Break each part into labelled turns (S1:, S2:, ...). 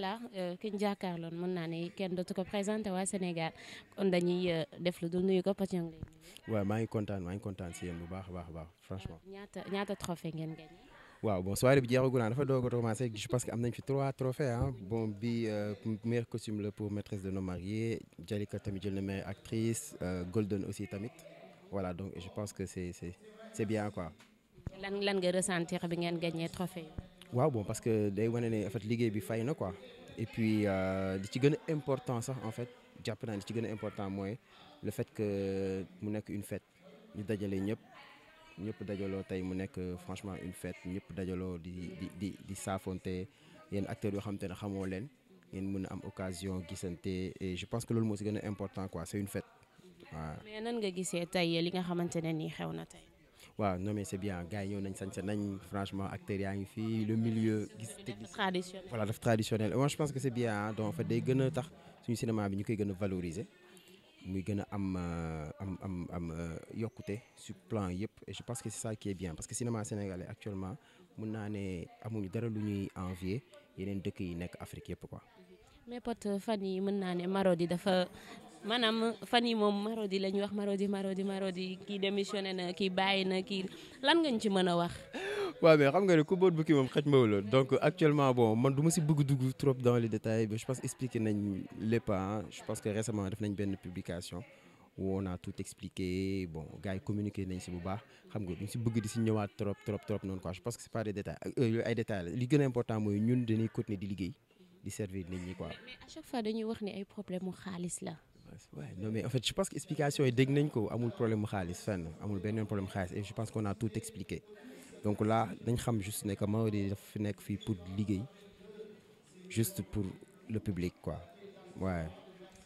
S1: allah euh, ki ñu jàkkaarloon mën naa ne kenn dootu ko présenté waa Sénégal kon dañuy euh, def lu dul nuyu ko Pathiang
S2: lay maa ngi kontaan maa ngi kontaan si yéen bu baax a baax baax franchement.
S1: ñaata ñaata trophée ngeen gagné.
S2: waaw bon soirée bi jeexagul naa doog a commencé je pense que am nañ fi trois trophées ah bon bi euh, meilleur costume la pour maîtresse de nos mariés Jalika tamit jël na meilleure actrice Golden aussi tamit voilà donc je pense que c'est c'est bien quoi.
S1: lan lan nga ressentir bi ngeen
S2: waaw bon parce que day wane ne en fait liggéey bi fay na ko et puis euh, li ci gën a important sax en fait jàpp naa li ci gën important mooy le fait que mu nekk une fait ñu dajale ñëpp ñëpp dajaloo tey mu nekk franchement une fête ñëpp dajaloo di di di di saafonte yenn acteurs yoo xamante ne xamoo leen ngeen mën a am occasion gisante et je pense que loolu moo si gën a important quoi c'est une fête waaw.
S1: mais nan nga gisee tey li nga xamante nii xew na tey.
S2: waaw non mais c'est bien gars nañ sañse nañ franchement acteurs yaa ngi fii le milieu gis traditionnel voilà daf traditionnel moi je pense que c'est bien donc en fait gën a tax suñu cinéma bi ñu koy gën a valoriser muy gën a am euh, am am am euh, yokkute sur plan yëpp et je pense que c'est ça bien parce que cinéma sénégalais actuellement mun naa ne amuñu dara lu ñuy envier yeneen dëkk yi nekk Afrique yëpp quoi
S1: maanaam fan yi moom Marodi la ñuy wax Marodi Marodi Marodi kii démissionné na kii bàyyi na kii lan nga ñu ci mën a wax.
S2: waaw mais xam nga ne ku boot bukki moom xaj mawuloon donc actuellement boo man duma si bëgg dugg trop dans les détails mais je pense expliqué nañ lépp que récemment def nañ benn publication où on a tout expliqué bon gars yi nañ si bu baax xam nga duñ si bëgg di si ñëwaat trop trop trop noonu quoi je pense que c'est pas des détails euh, euh, ay détails la li gën a important mooy ñun dañuy continuer di liggéey di servir nit ñi quoi.
S1: mais mu xaalis la. ouais
S2: non en fait je pense que nañ ko amul problème xaalis fenn amul benn problème xaalis et je pense qu'on tout expliqué donc la dañ xam juste ne que Marodi dafa nekk fii pour liggéey juste pour le public quoi waaye.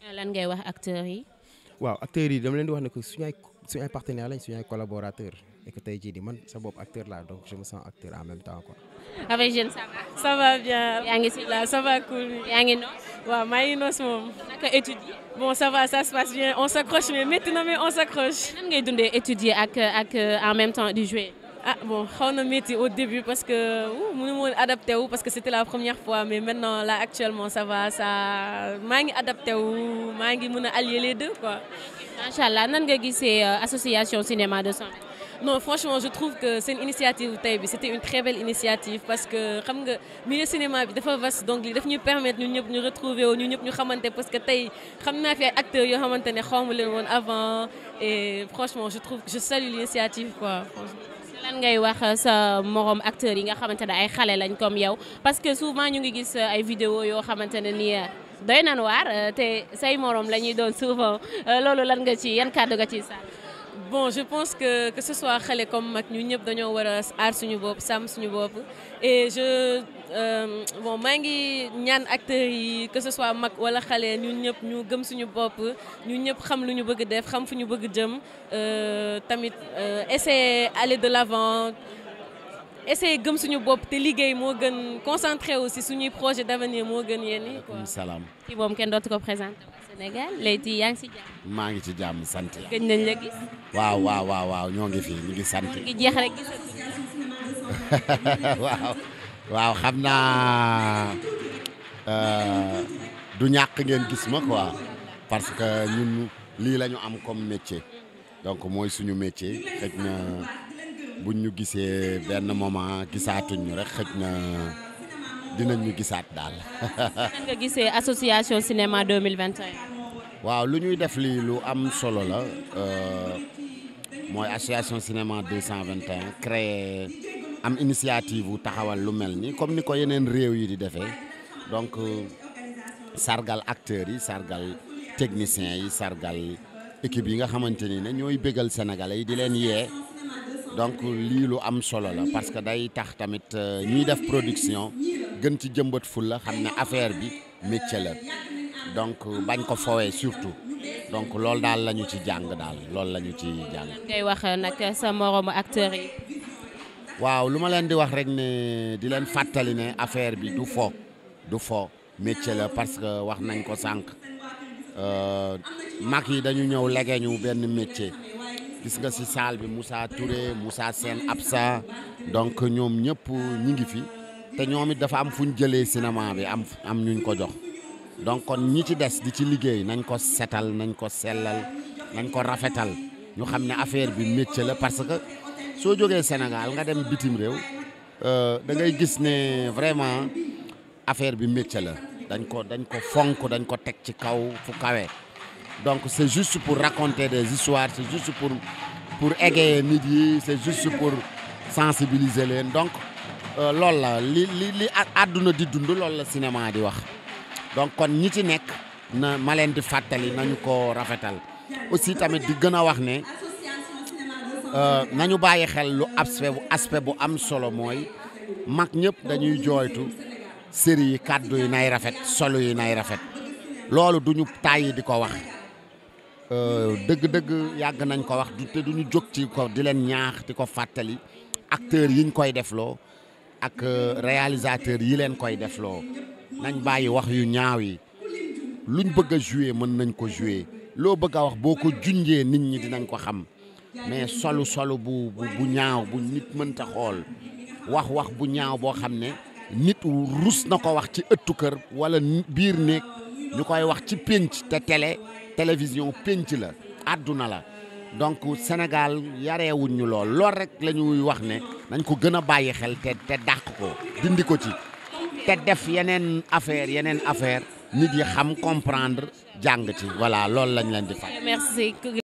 S1: Euh, lan ngay wax acteurs yi.
S2: waaw acteurs yi dama leen di wax ne que suñu ay suñu ay partenaires lañ suñu ay collaborateurs et que tey jii di man sa bopp acteur la donc je me sens acteur en même temps quoi.
S3: waaw maa ngi noos moom. naka étudier. bon ça va ça se passe on s'accroche mais métti na mais on s'accroche. nan ngay dundee étudier ak ak euh, en même temps di jouer. ah bon xaw na métti au début parce que mënu ma woon adapté wu parce que c'était la première fois mais maintenant là actuellement ça va ça maa ngi adapté wu maa ngi mën a allier les deux quoi.
S1: macha allah nan nga gisee euh, association cinéma
S3: 221. non franchement je trouve que seen initiative tey bi c'était une très belle initiative parce que xam nga milieu cinéma bi dafa vaste donc li daf ñu permettre ñun ñëpp ñu retrouver wu ñun ñëpp ñu xamante parce que tey xam naa fi ay acteurs yoo xamante ne xawma leen woon avant et franchement je trouve je salue
S1: l'initiative quoi lan ngay wax sa moroom acteur yi nga xamante ne ay xale lañ comme yow parce que souvent ñu ngi gis ay vidéo yoo xamante ne nii doy nan waar te say moroom la ñuy doon souvent euh, loolu lan nga ci yan kàddu nga ci sa
S3: bon je pense que que ce soit xale comme mag ñu ñëpp dañoo war a aar suñu bopp sam suñu bopp et je euh, bon maa ngi ñaan acteurs yi que ce soit mag wala xale ñu ñëpp ñu gëm suñu bopp ñu ñëpp xam lu ñu bëgg def xam fu ñu bëgg jëm euh, tamit euh, essayer aller de la l'avant essayer gëm suñu bopp te liggéey moo gën concentré aussi suñuy projet d'avenir moo gën yéen yi salaam kii moom
S1: kenn dootu ko présenté Sénégal Leyti yaa ngi ci
S4: jàmm. maa ngi ci jàmm sant
S1: yàlla.
S4: waaw waaw waaw ñoo ngi fi ñu ngi sant. waaw waaw xam naa euh, du ñàkk ngeen gis ma quoi parce que ñun lii lañu am comme métier donc mooy suñu métier xëj na. buñ ñu gisee benn moment gisaatuñ ñu rek xëj na dinañ ñu gisaat daal. nan
S1: nga gisee association cinéma 2021.
S4: waaw lu ñuy def lii lu am solo la euh, mooy association cinéma 221 créé am initiative wu taxawal lu mel ni comme ni ko yeneen réew yi di defee donc euh, sargal acteurs yi sargal techniciens yi sargal équipe yi nga xamante ni ne ñooy bégal sénégalais yi di leen yee. donc lii lu am solo la parce que day tax tamit euh, ñuy def production gën ci jëmbat ful la xam ne affaire bi métier la donc bañ ko fowee surtout donc loolu daal la ñu ci jàng daal loolu la ñu ci jàng.
S1: ngay wax euh, nag sa moroomu acteurs yi.
S4: waaw lu ma leen di wax rek ne di leen fàttali ne affaire bi du fo du fo métier la parce que wax nañ ko sànq euh, mag yi dañu ñëw legeñu benn métier. gis nga si saal bi Moussa Touré Moussa Sène Absa donc ñoom ñëpp ñi ngi fi te ñoom it dafa am fu ñu jëlee cinéma bi am am ñu ñu ko jox donc kon ñi ci des di ci liggéey nañ ko setal nañ ko sellal nañ ko rafetal ñu xam ne affaire bi métier la parce que soo jógee Sénégal nga dem bitim réew euh, da ngay gis ne vraiment affaire bi métier la dañ ko dañ ko fonk dañ ko teg ci kaw fu kawe. donc c'est juste pour raconter des histoires c'est juste pour pour égayer nit yi c'est juste pour sensibiliser leen donc euh, loolu la li li li àdduna di dund loolu la cinéma di wax donc kon ñi ci nekk na ma leen di fàttali nañu ko rafetal aussi tamit di gën a wax ne euh, nañu bàyyi xel lu aspect bu aspect bu am solo mooy mag ñëpp dañuy jooytu série yi kàddu yi nay rafet solo yi nay rafet loolu duñu tàyyi di ko wax Euh, dëgg-dëgg yàgg nañ ko wax te du ñu jóg ci ko di leen ñaax di ko fàttali acteurs yiñ koy defloo ak euh, réalisateurs yi leen koy defloo nañ bàyyi wax yu ñaaw yi luñ bëgg a jouer mën nañ ko jouer loo bëgg a wax boo ko junjee nit ñi dinañ ko xam mais solu solu bu bu ñaaw bu nit mënta xool wax wax bu ñaaw boo xam ne nit rus na ko wax ci ëttu kër walla biir néeg ñu koy wax ci pénc te télé télévision pénc la àdduna la donc Sénégal yareewuñ lool lool rek la ñuy wax ne dañ ko gën a bàyyi xel te te dàq ko dindi ko ci te def yeneen affaire yeneen affaire nit yi xam comprendre jàng ci voilà loolu lañ leen di
S3: fay.